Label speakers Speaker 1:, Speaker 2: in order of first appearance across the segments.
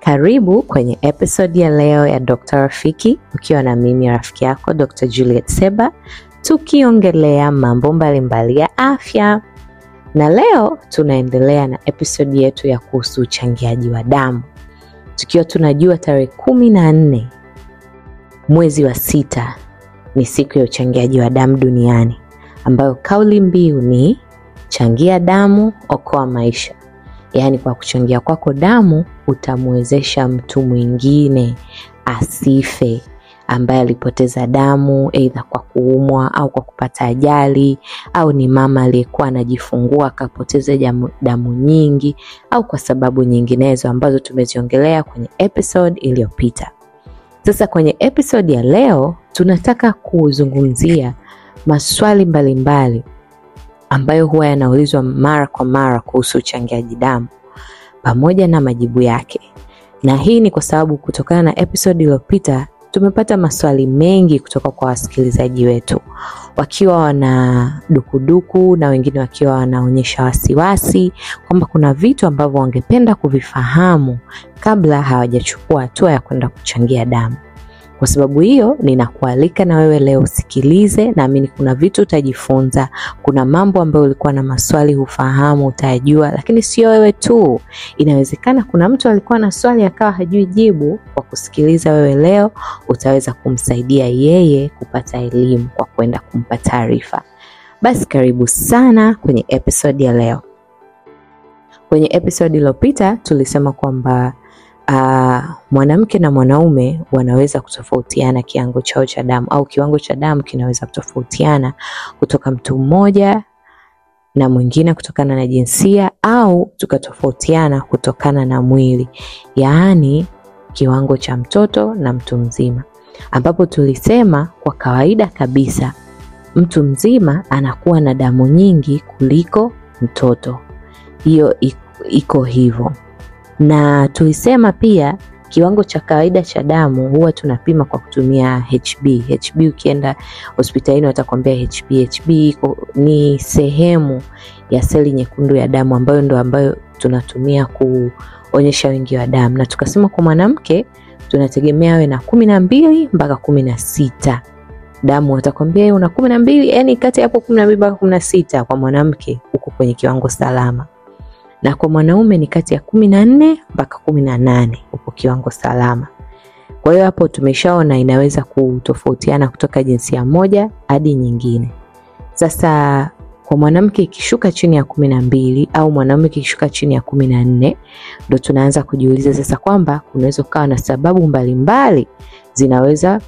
Speaker 1: Karibu kwenye episodi ya leo ya Dokta Rafiki, ukiwa na mimi rafiki yako Dr. Juliet Seba, tukiongelea mambo mbalimbali ya afya. Na leo tunaendelea na episodi yetu ya kuhusu uchangiaji wa damu, tukiwa tunajua tarehe kumi na nne mwezi wa sita ni siku ya uchangiaji wa damu duniani, ambayo kauli mbiu ni changia damu, okoa maisha, yaani kwa kuchangia kwako damu utamwezesha mtu mwingine asife ambaye alipoteza damu aidha kwa kuumwa au kwa kupata ajali, au ni mama aliyekuwa anajifungua akapoteza damu nyingi, au kwa sababu nyinginezo ambazo tumeziongelea kwenye episode iliyopita. Sasa kwenye episode ya leo tunataka kuzungumzia maswali mbalimbali mbali ambayo huwa yanaulizwa mara kwa mara kuhusu uchangiaji damu pamoja na majibu yake. Na hii ni kwa sababu kutokana na episodi iliyopita tumepata maswali mengi kutoka kwa wasikilizaji wetu wakiwa wana dukuduku na wengine wakiwa wanaonyesha wasiwasi kwamba kuna vitu ambavyo wangependa kuvifahamu kabla hawajachukua hatua ya kwenda kuchangia damu. Kwa sababu hiyo, ninakualika na wewe leo usikilize, naamini kuna vitu utajifunza. Kuna mambo ambayo ulikuwa na maswali hufahamu, utayajua Lakini sio wewe tu, inawezekana kuna mtu alikuwa na swali akawa hajui jibu. Kwa kusikiliza wewe leo, utaweza kumsaidia yeye kupata elimu kwa kwenda kumpa taarifa. Basi karibu sana kwenye episodi ya leo. Kwenye episodi iliyopita tulisema kwamba Uh, mwanamke na mwanaume wanaweza kutofautiana kiwango chao cha damu au kiwango cha damu kinaweza kutofautiana kutoka mtu mmoja na mwingine kutokana na jinsia au tukatofautiana kutokana na mwili, yaani kiwango cha mtoto na mtu mzima, ambapo tulisema kwa kawaida kabisa mtu mzima anakuwa na damu nyingi kuliko mtoto. Hiyo iko hivyo na tulisema pia kiwango cha kawaida cha damu huwa tunapima kwa kutumia HB. HB ukienda hospitalini watakwambia HB. HB ni sehemu ya seli nyekundu ya damu ambayo ndo ambayo tunatumia kuonyesha wingi wa damu, na tukasema kwa mwanamke tunategemea awe na kumi na mbili mpaka kumi na sita damu watakwambia una kumi na mbili, yani kati hapo kumi na mbili mpaka kumi na sita kwa mwanamke, huko kwenye kiwango salama na kwa mwanaume ni kati ya kumi na nne mpaka kumi na nane upo kiwango salama. Kwa hiyo hapo tumeshaona inaweza kutofautiana kutoka jinsia moja hadi nyingine. Sasa kwa mwanamke ikishuka chini ya kumi na mbili au mwanaume ikishuka chini ya kumi na nne ndo tunaanza kujiuliza sasa kwamba kunaweza kukawa na sababu mbalimbali mbali, zinaweza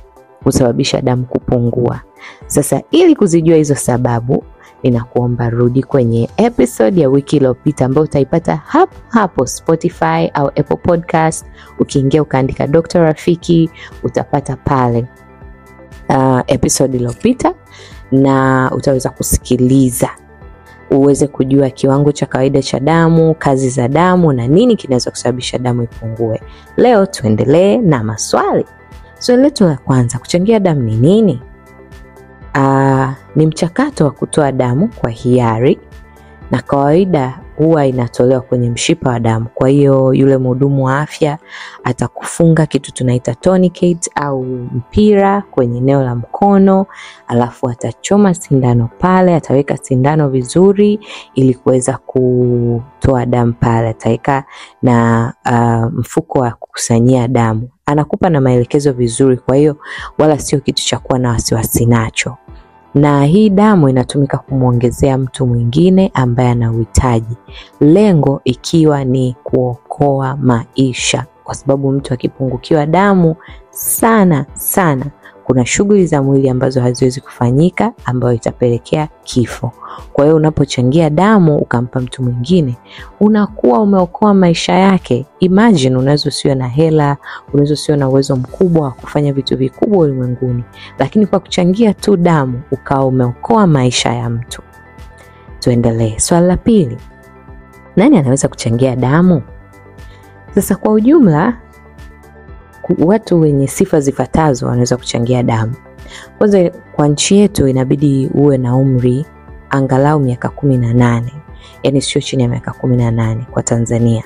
Speaker 1: kusababisha damu kupungua. Sasa ili kuzijua hizo sababu ninakuomba rudi kwenye episode ya wiki iliyopita ambayo utaipata hapo hapo Spotify au Apple Podcast. Ukiingia ukaandika dokta Rafiki utapata pale uh, episode iliyopita na utaweza kusikiliza uweze kujua kiwango cha kawaida cha damu, kazi za damu na nini kinaweza kusababisha damu ipungue. Leo tuendelee na maswali. Swali so, letu la kwanza, kuchangia damu ni nini? uh, ni mchakato wa kutoa damu kwa hiari na kawaida huwa inatolewa kwenye mshipa wa damu. Kwa hiyo yule mhudumu wa afya atakufunga kitu tunaita tourniquet au mpira kwenye eneo la mkono, alafu atachoma sindano pale, ataweka sindano vizuri ili kuweza kutoa damu pale, ataweka na uh, mfuko wa kukusanyia damu, anakupa na maelekezo vizuri. Kwa hiyo wala sio kitu cha kuwa na wasiwasi nacho na hii damu inatumika kumwongezea mtu mwingine ambaye ana uhitaji, lengo ikiwa ni kuokoa maisha, kwa sababu mtu akipungukiwa damu sana sana kuna shughuli za mwili ambazo haziwezi kufanyika, ambayo itapelekea kifo. Kwa hiyo unapochangia damu ukampa mtu mwingine, unakuwa umeokoa maisha yake. Imagine, unaweza usiwe na hela, unaweza usiwe na uwezo mkubwa wa kufanya vitu vikubwa ulimwenguni, lakini kwa kuchangia tu damu ukawa umeokoa maisha ya mtu. Tuendelee, swali la pili, nani anaweza kuchangia damu? Sasa kwa ujumla watu wenye sifa zifatazo wanaweza kuchangia damu. Kwanza, kwa nchi yetu inabidi uwe na umri angalau miaka kumi na nane, yani sio chini ya miaka kumi na nane kwa Tanzania.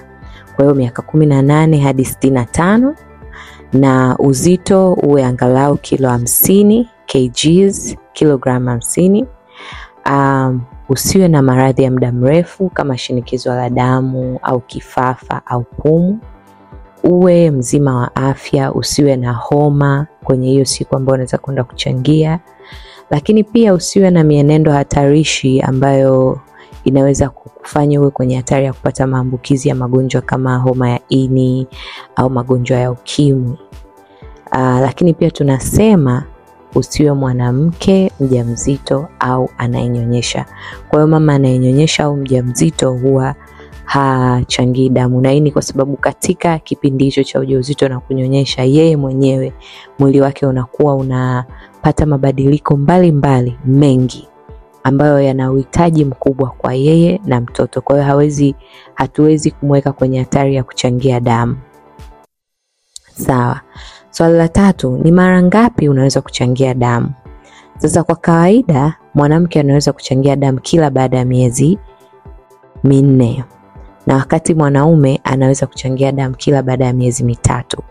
Speaker 1: Kwa hiyo miaka kumi na nane hadi sitini na tano na uzito uwe angalau kilo hamsini kgs, kilogramu hamsini. Um, usiwe na maradhi ya muda mrefu kama shinikizo la damu au kifafa au pumu uwe mzima wa afya, usiwe na homa kwenye hiyo siku ambayo unaweza kwenda kuchangia, lakini pia usiwe na mienendo hatarishi ambayo inaweza kufanya uwe kwenye hatari ya kupata maambukizi ya magonjwa kama homa ya ini au magonjwa ya ukimwi. Ah, lakini pia tunasema usiwe mwanamke mjamzito au anayenyonyesha. Kwa hiyo mama anayenyonyesha au mjamzito huwa hachangii damu, na hii ni kwa sababu katika kipindi hicho cha ujauzito na kunyonyesha, yeye mwenyewe mwili wake unakuwa unapata mabadiliko mbalimbali mbali, mengi ambayo yana uhitaji mkubwa kwa yeye na mtoto. Kwa hiyo hawezi, hatuwezi kumweka kwenye hatari ya kuchangia damu. Sawa. Swali la tatu ni mara ngapi unaweza kuchangia damu? Sasa kwa kawaida mwanamke anaweza kuchangia damu kila baada ya miezi minne na wakati mwanaume anaweza kuchangia damu kila baada ya miezi mitatu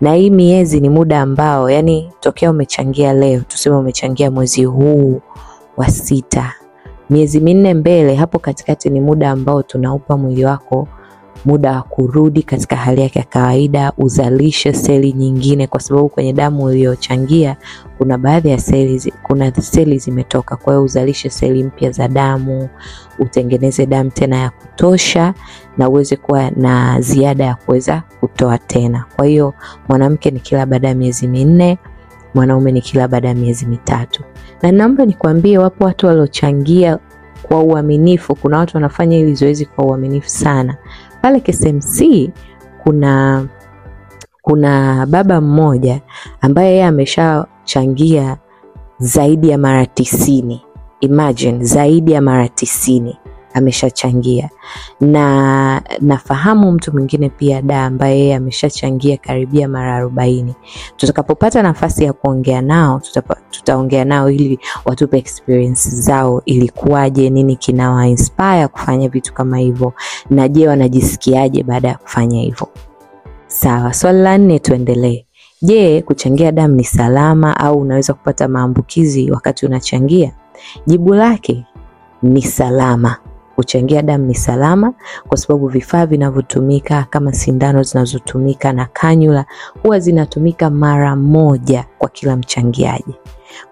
Speaker 1: na hii miezi ni muda ambao yani, tokea umechangia leo, tuseme umechangia mwezi huu wa sita, miezi minne mbele, hapo katikati ni muda ambao tunaupa mwili wako muda wa kurudi katika hali yake ya kawaida, uzalishe seli nyingine, kwa sababu kwenye damu uliyochangia kuna baadhi ya seli, kuna seli zimetoka. Kwa hiyo uzalishe seli mpya za damu, utengeneze damu tena ya kutosha, na uweze kuwa na ziada ya kuweza kutoa tena. Kwa hiyo mwanamke ni kila baada ya miezi minne mwanaume ni kila baada ya miezi mitatu. Na naomba nikwambie, wapo watu waliochangia kwa uaminifu. Kuna watu wanafanya hili zoezi kwa uaminifu sana, pale KSMC kuna kuna baba mmoja ambaye yeye ameshachangia zaidi ya mara tisini. Imagine zaidi ya mara tisini ameshachangia, na nafahamu mtu mwingine pia da ambaye yeye ameshachangia karibia mara arobaini. Tutakapopata nafasi ya kuongea nao tutaongea tutaongea nao ili watupe experience zao, ilikuwaje, nini kinawa kufanya vitu kama hivyo, na je wanajisikiaje baada ya kufanya hivyo. Sawa, swali la nne, tuendelee. Je, kuchangia damu ni salama au unaweza kupata maambukizi wakati unachangia? Jibu lake ni salama kuchangia damu ni salama, kwa sababu vifaa vinavyotumika kama sindano zinazotumika na kanyula huwa zinatumika mara moja kwa kila mchangiaji.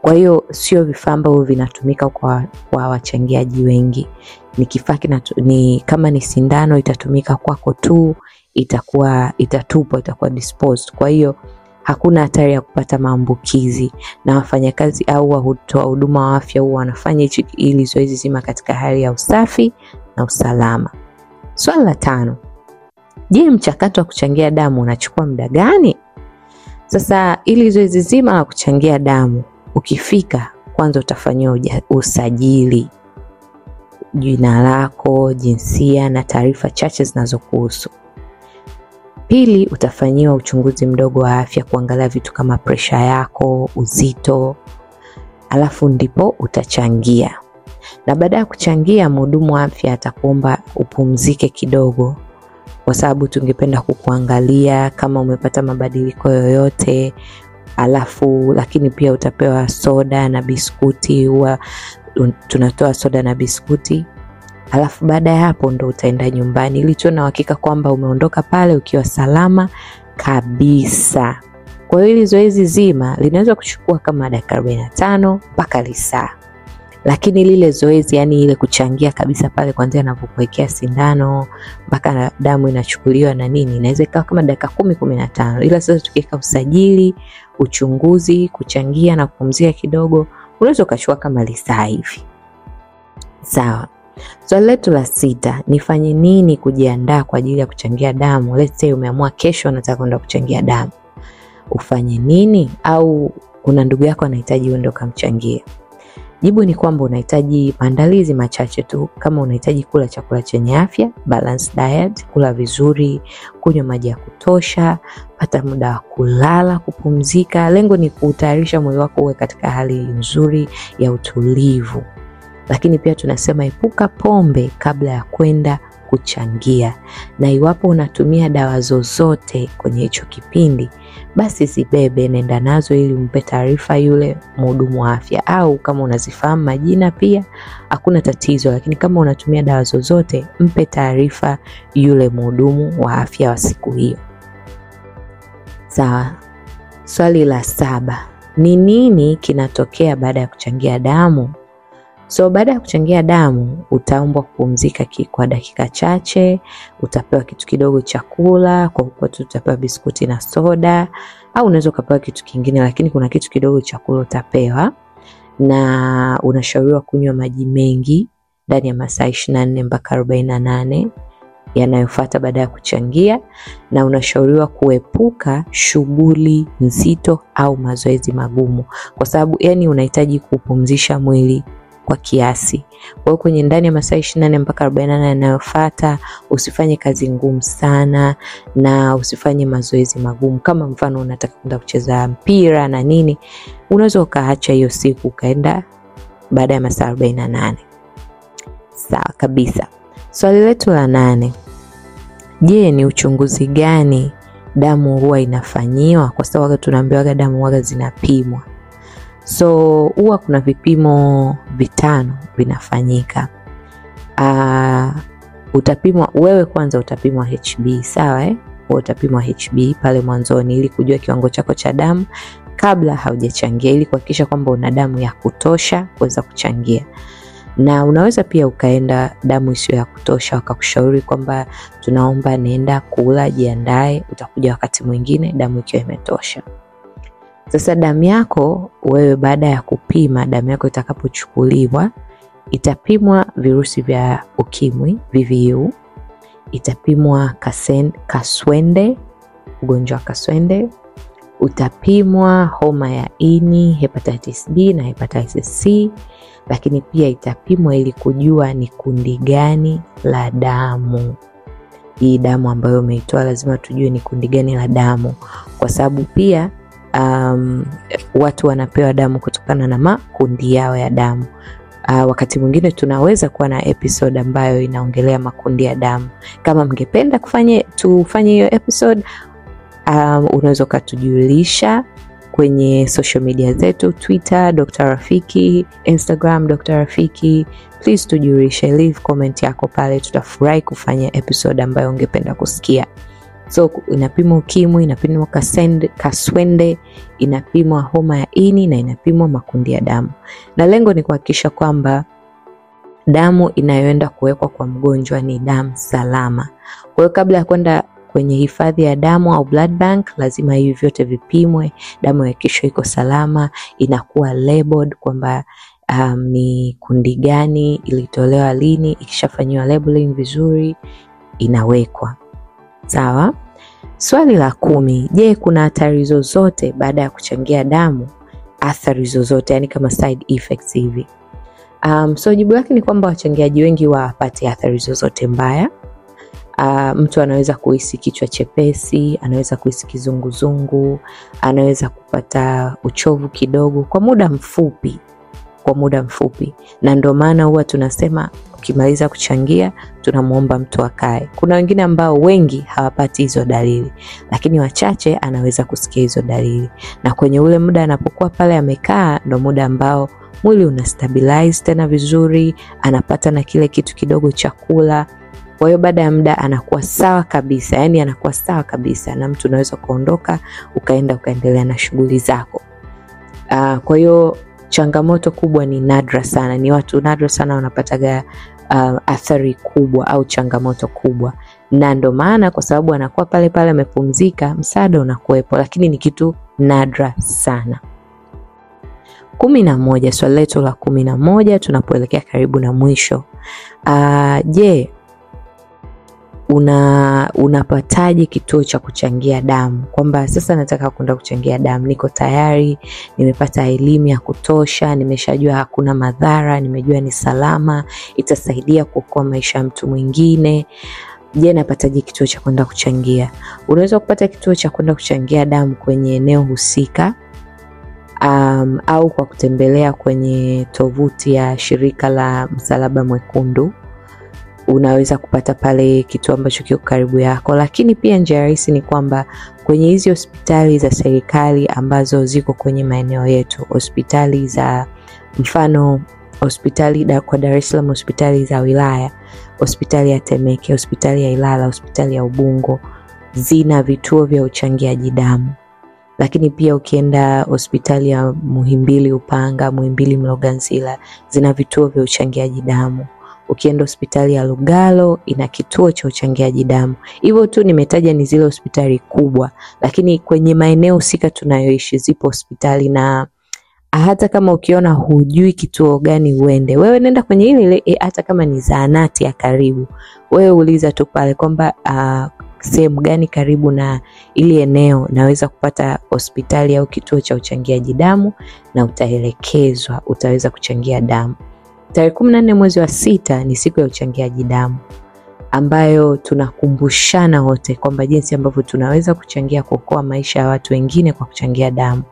Speaker 1: Kwa hiyo sio vifaa ambavyo vinatumika kwa, kwa wachangiaji wengi. Ni kifaa ni kama ni sindano itatumika kwako tu, itakuwa itatupwa, itakuwa disposed. Kwa hiyo hakuna hatari ya kupata maambukizi, na wafanyakazi au watoa huduma wa afya huwa wanafanya hichi ili zoezi zima katika hali ya usafi na usalama. Swali la tano, je, mchakato wa kuchangia damu unachukua muda gani? Sasa ili zoezi zima la kuchangia damu, ukifika kwanza utafanyiwa usajili, jina lako, jinsia na taarifa chache zinazokuhusu. Pili, utafanyiwa uchunguzi mdogo wa afya kuangalia vitu kama presha yako, uzito, alafu ndipo utachangia. Na baada ya kuchangia, mhudumu wa afya atakuomba upumzike kidogo, kwa sababu tungependa kukuangalia kama umepata mabadiliko yoyote alafu lakini pia utapewa soda na biskuti. Huwa tunatoa soda na biskuti alafu baada ya hapo ndo utaenda nyumbani ili tuwe na uhakika kwamba umeondoka pale ukiwa salama kabisa. Kwa hiyo hili zoezi zima linaweza kuchukua kama dakika 45 mpaka lisaa, lakini lile zoezi, yani ile kuchangia kabisa pale kwanzia anavyokuwekea sindano mpaka damu inachukuliwa na nini, inaweza ikawa kama dakika kumi kumi na tano. Ila sasa tukiweka usajili, uchunguzi, kuchangia na kupumzika kidogo, unaweza ukachukua kama lisaa hivi, sawa. so. Swali letu la sita, nifanye nini kujiandaa kwa ajili ya kuchangia damu? Let's say umeamua kesho unataka kwenda kuchangia damu, ufanye nini? Au kuna ndugu yako anahitaji uende ukamchangia? Jibu ni kwamba unahitaji maandalizi machache tu, kama unahitaji kula chakula chenye afya, balanced diet, kula vizuri, kunywa maji ya kutosha, pata muda wa kulala, kupumzika. Lengo ni kuutayarisha mwili wako uwe katika hali nzuri ya utulivu lakini pia tunasema epuka pombe kabla ya kwenda kuchangia, na iwapo unatumia dawa zozote kwenye hicho kipindi, basi zibebe, nenda nazo ili umpe taarifa yule mhudumu wa afya, au kama unazifahamu majina pia hakuna tatizo, lakini kama unatumia dawa zozote, mpe taarifa yule mhudumu wa afya wa siku hiyo. Sawa. Swali la saba, ni nini kinatokea baada ya kuchangia damu? So baada ya kuchangia damu utaombwa kupumzika kwa dakika chache, utapewa kitu kidogo cha kula, kwa kwetu utapewa biskuti na soda, au unaweza ukapewa kitu kingine, lakini kuna kitu kidogo cha kula utapewa, na unashauriwa kunywa maji mengi ndani ya masaa ishirini na nne mpaka arobaini na nane yanayofuata baada ya kuchangia, na unashauriwa kuepuka shughuli nzito au mazoezi magumu, kwa sababu yani unahitaji kupumzisha mwili kwa kiasi. Kwa hiyo kwenye ndani ya masaa 24 mpaka 48 yanayofuata usifanye kazi ngumu sana na usifanye mazoezi magumu. Kama mfano unataka kwenda kucheza mpira na nini, unaweza ukaacha hiyo siku ukaenda baada ya masaa 48. Sawa kabisa. Swali letu la nane, je, ni uchunguzi gani damu huwa inafanyiwa? Kwa sababu tunaambiwaga damu huwa zinapimwa So huwa kuna vipimo vitano vinafanyika. Uh, utapimwa wewe kwanza, utapimwa HB sawa, eh? Utapimwa HB pale mwanzoni ili kujua kiwango chako cha damu kabla haujachangia, ili kuhakikisha kwamba una damu ya kutosha kuweza kuchangia na unaweza pia ukaenda damu isiyo ya kutosha, wakakushauri kwamba tunaomba nenda kula, jiandae, utakuja wakati mwingine damu ikiwa imetosha. Sasa damu yako wewe, baada ya kupima damu yako itakapochukuliwa, itapimwa virusi vya ukimwi VVU, itapimwa kasen, kaswende, ugonjwa wa kaswende, utapimwa homa ya ini, hepatitis B na hepatitis C, lakini pia itapimwa ili kujua ni kundi gani la damu hii damu ambayo umeitoa lazima tujue ni kundi gani la damu, kwa sababu pia um, watu wanapewa damu kutokana na makundi yao ya damu. Uh, wakati mwingine tunaweza kuwa na episode ambayo inaongelea makundi ya damu. Kama mngependa tufanye hiyo episode um, unaweza ukatujulisha kwenye social media zetu Twitter d Rafiki, Instagram d Rafiki. Please tujulishe, leave comment yako pale, tutafurahi kufanya episode ambayo ungependa kusikia so inapimwa ukimwi inapimwa kasende, kaswende inapimwa homa ya ini na inapimwa makundi ya damu na lengo ni kuhakikisha kwamba damu inayoenda kuwekwa kwa mgonjwa ni damu salama kwa hiyo kabla ya kwenda kwenye hifadhi ya damu au blood bank, lazima hivi vyote vipimwe, damu ya kisho iko salama, inakuwa labeled kwamba um, ni kundi gani, ilitolewa lini. Ikishafanyiwa labeling vizuri, inawekwa sawa. Swali la kumi, je, kuna hatari zozote baada ya kuchangia damu? Athari zozote yani kama side effects hivi? Um, so jibu lake ni kwamba wachangiaji wengi wapate athari zozote mbaya. Uh, mtu anaweza kuhisi kichwa chepesi, anaweza kuhisi kizunguzungu, anaweza kupata uchovu kidogo kwa muda mfupi, kwa muda mfupi, na ndio maana huwa tunasema Ukimaliza kuchangia, tunamwomba mtu akae. Kuna wengine ambao wengi hawapati hizo dalili, lakini wachache anaweza kusikia hizo dalili, na kwenye ule muda anapokuwa pale amekaa, ndo muda ambao mwili una stabilize tena vizuri, anapata na kile kitu kidogo cha kula. Kwa hiyo baada ya muda anakuwa sawa kabisa, yani anakuwa sawa kabisa, na mtu unaweza kuondoka ukaenda ukaendelea na shughuli zako. Uh, kwa hiyo changamoto kubwa ni nadra sana, ni watu nadra sana wanapataga uh, athari kubwa au changamoto kubwa, na ndo maana kwa sababu anakuwa pale pale amepumzika, msaada unakuwepo, lakini ni kitu nadra sana. Kumi na moja, swali letu la kumi na moja tunapoelekea karibu na mwisho. Je, uh, je una unapataje kituo cha kuchangia damu, kwamba sasa nataka kwenda kuchangia damu, niko tayari, nimepata elimu ya kutosha, nimeshajua hakuna madhara, nimejua ni salama, itasaidia kuokoa maisha ya mtu mwingine. Je, napataje kituo cha kwenda kuchangia? Unaweza kupata kituo cha kwenda kuchangia damu kwenye eneo husika, um, au kwa kutembelea kwenye tovuti ya shirika la Msalaba Mwekundu unaweza kupata pale kituo ambacho kiko karibu yako, lakini pia njia rahisi ni kwamba kwenye hizi hospitali za serikali ambazo ziko kwenye maeneo yetu, hospitali za mfano hospitali da, kwa Dar es Salaam, hospitali za wilaya, hospitali ya Temeke, hospitali ya Ilala, hospitali ya Ubungo zina vituo vya uchangiaji damu. Lakini pia ukienda hospitali ya Muhimbili Upanga, Muhimbili Mloganzila zina vituo vya uchangiaji damu ukienda hospitali ya Lugalo ina kituo cha uchangiaji damu. Hivyo tu nimetaja ni zile hospitali kubwa, lakini kwenye maeneo husika tunayoishi zipo hospitali na hata kama ukiona hujui kituo gani uende, wewe nenda kwenye ile ile, eh, hata kama ni zahanati ya karibu, wewe uliza tu pale kwamba uh, sehemu gani karibu na ili eneo naweza kupata hospitali au kituo cha uchangiaji damu, na utaelekezwa, utaweza kuchangia damu. Tarehe kumi na nne mwezi wa sita ni siku ya uchangiaji damu ambayo tunakumbushana wote kwamba jinsi ambavyo tunaweza kuchangia kuokoa maisha ya watu wengine kwa kuchangia damu.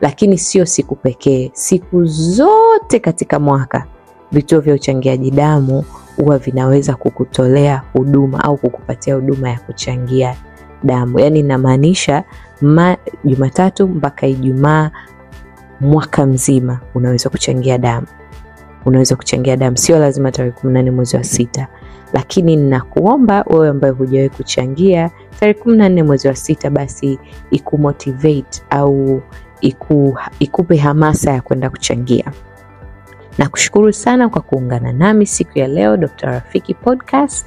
Speaker 1: Lakini sio siku pekee, siku zote katika mwaka vituo vya uchangiaji damu huwa vinaweza kukutolea huduma au kukupatia huduma ya kuchangia damu. Yaani inamaanisha ma Jumatatu mpaka Ijumaa mwaka mzima unaweza kuchangia damu unaweza kuchangia damu, sio lazima tarehe kumi na nne mwezi wa sita, lakini ninakuomba wewe ambaye hujawahi kuchangia tarehe kumi na nne mwezi wa sita, basi ikumotivate au iku, ikupe hamasa ya kwenda kuchangia. Nakushukuru sana kwa kuungana nami siku ya leo Dr. Rafiki Podcast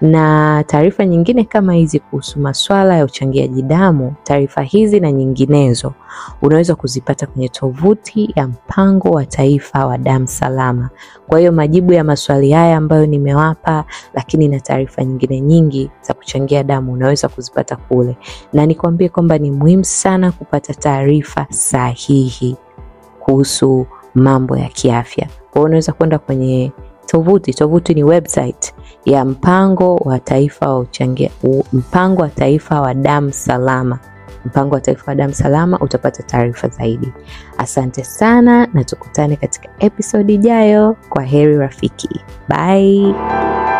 Speaker 1: na taarifa nyingine kama hizi kuhusu masuala ya uchangiaji damu. Taarifa hizi na nyinginezo unaweza kuzipata kwenye tovuti ya Mpango wa Taifa wa Damu Salama. Kwa hiyo majibu ya maswali haya ambayo nimewapa, lakini na taarifa nyingine nyingi za kuchangia damu unaweza kuzipata kule, na nikwambie kwamba ni muhimu sana kupata taarifa sahihi kuhusu mambo ya kiafya. kwao unaweza kwenda kwenye tovuti, tovuti ni website ya mpango wa taifa wa uchangia, mpango wa taifa wa damu salama, mpango wa taifa wa damu salama, utapata taarifa zaidi. Asante sana na tukutane katika episodi ijayo. Kwa heri rafiki, bye.